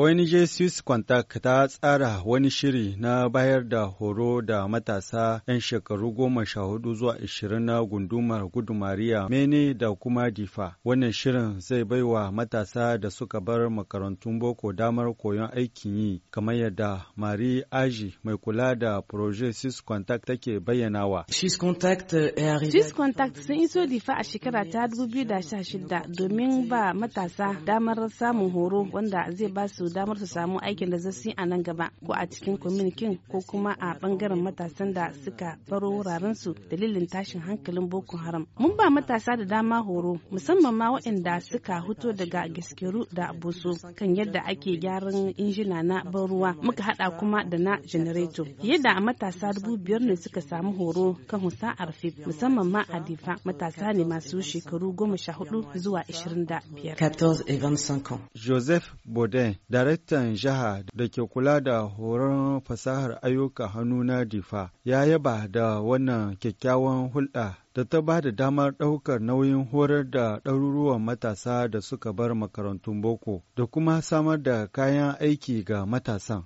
ONG Swiss Contact ta tsara wani shiri na bayar da horo da matasa 'yan shekaru goma sha hudu zuwa ashirin na gundumar gudumariya mene da kuma difa. Wannan shirin zai baiwa matasa da suka bar makarantun boko damar koyon aikin yi kamar yadda Mari Aji mai kula da Proje Swiss Contact take bayyanawa. Swiss Contact sun iso difa a shekara ta 2016 domin ba matasa damar samun horo wanda zai ba su damar su samu aikin da zasu yi a nan gaba ko a cikin kwaminikin ko kuma a bangaren matasan da suka baro wuraren su dalilin tashin hankalin boko haram mun ba matasa da dama horo musamman ma waɗanda suka huto daga gaskeru da boso kan yadda ake gyaran injina na ban ruwa muka hada kuma da na janareto yadda matasa dubu biyar ne suka samu horo kan husa arfif musamman ma a difa matasa ne masu shekaru goma sha hudu zuwa ashirin da biyar. Joseph Baudin da daraktan jiha da ke kula da horon fasahar ayyuka hannu na difa ya yaba da wannan kyakkyawan hulɗa da ta ba da damar ɗaukar nauyin horar da ɗaruruwan matasa da suka bar makarantun boko da kuma samar da kayan aiki ga matasan.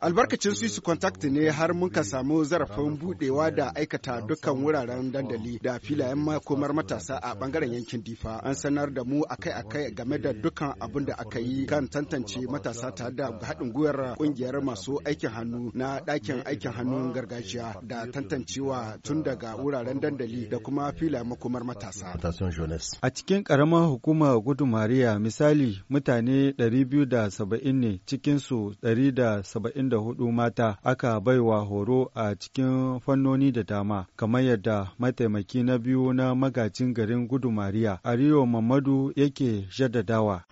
Albarkacin Swiss Contact ne har muka eh, samu zarafin buɗewa da aikata dukkan wuraren dandali da filayen makomar matasa a bangaren yankin Difa. An sanar da mu akai-akai game da dukkan abin da aka yi kan tantance matasa ta da haɗin gwiwar ƙungiyar masu aikin hannu na ɗakin aikin hannun gargajiya da tantancewa tun daga wuraren dandali da kuma fila makomar matasa. A cikin ƙaramar hukumar gudu Mariya misali mutane 270 ne cikinsu 174 mata aka baiwa horo a cikin fannoni da dama kamar yadda mataimaki na biyu na magacin garin gudu Mariya Ariyo Mamadu yake jaddadawa.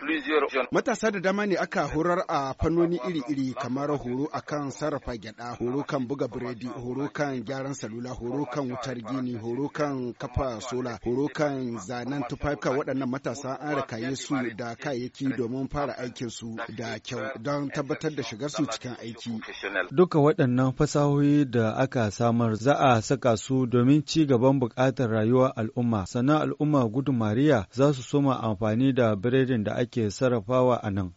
Matasa da dama ne aka horar a fannoni iri-iri kamar horo a kan sarrafa gyada, horo kan buga biredi, horo kan gyaran salula, horo kan wutar gini, horo kan kafa sola, horo kan zanen tufafi waɗannan matasa an rakaye su da kayayyaki domin fara aikin su da kyau don tabbatar da shigar su cikin aiki. Duka waɗannan fasahohi da aka samar za a saka su domin ci gaban buƙatar rayuwar al'umma, sannan al'umma gudumariya za su soma amfani da biredin da ake sarrafa sarrafawa a nan.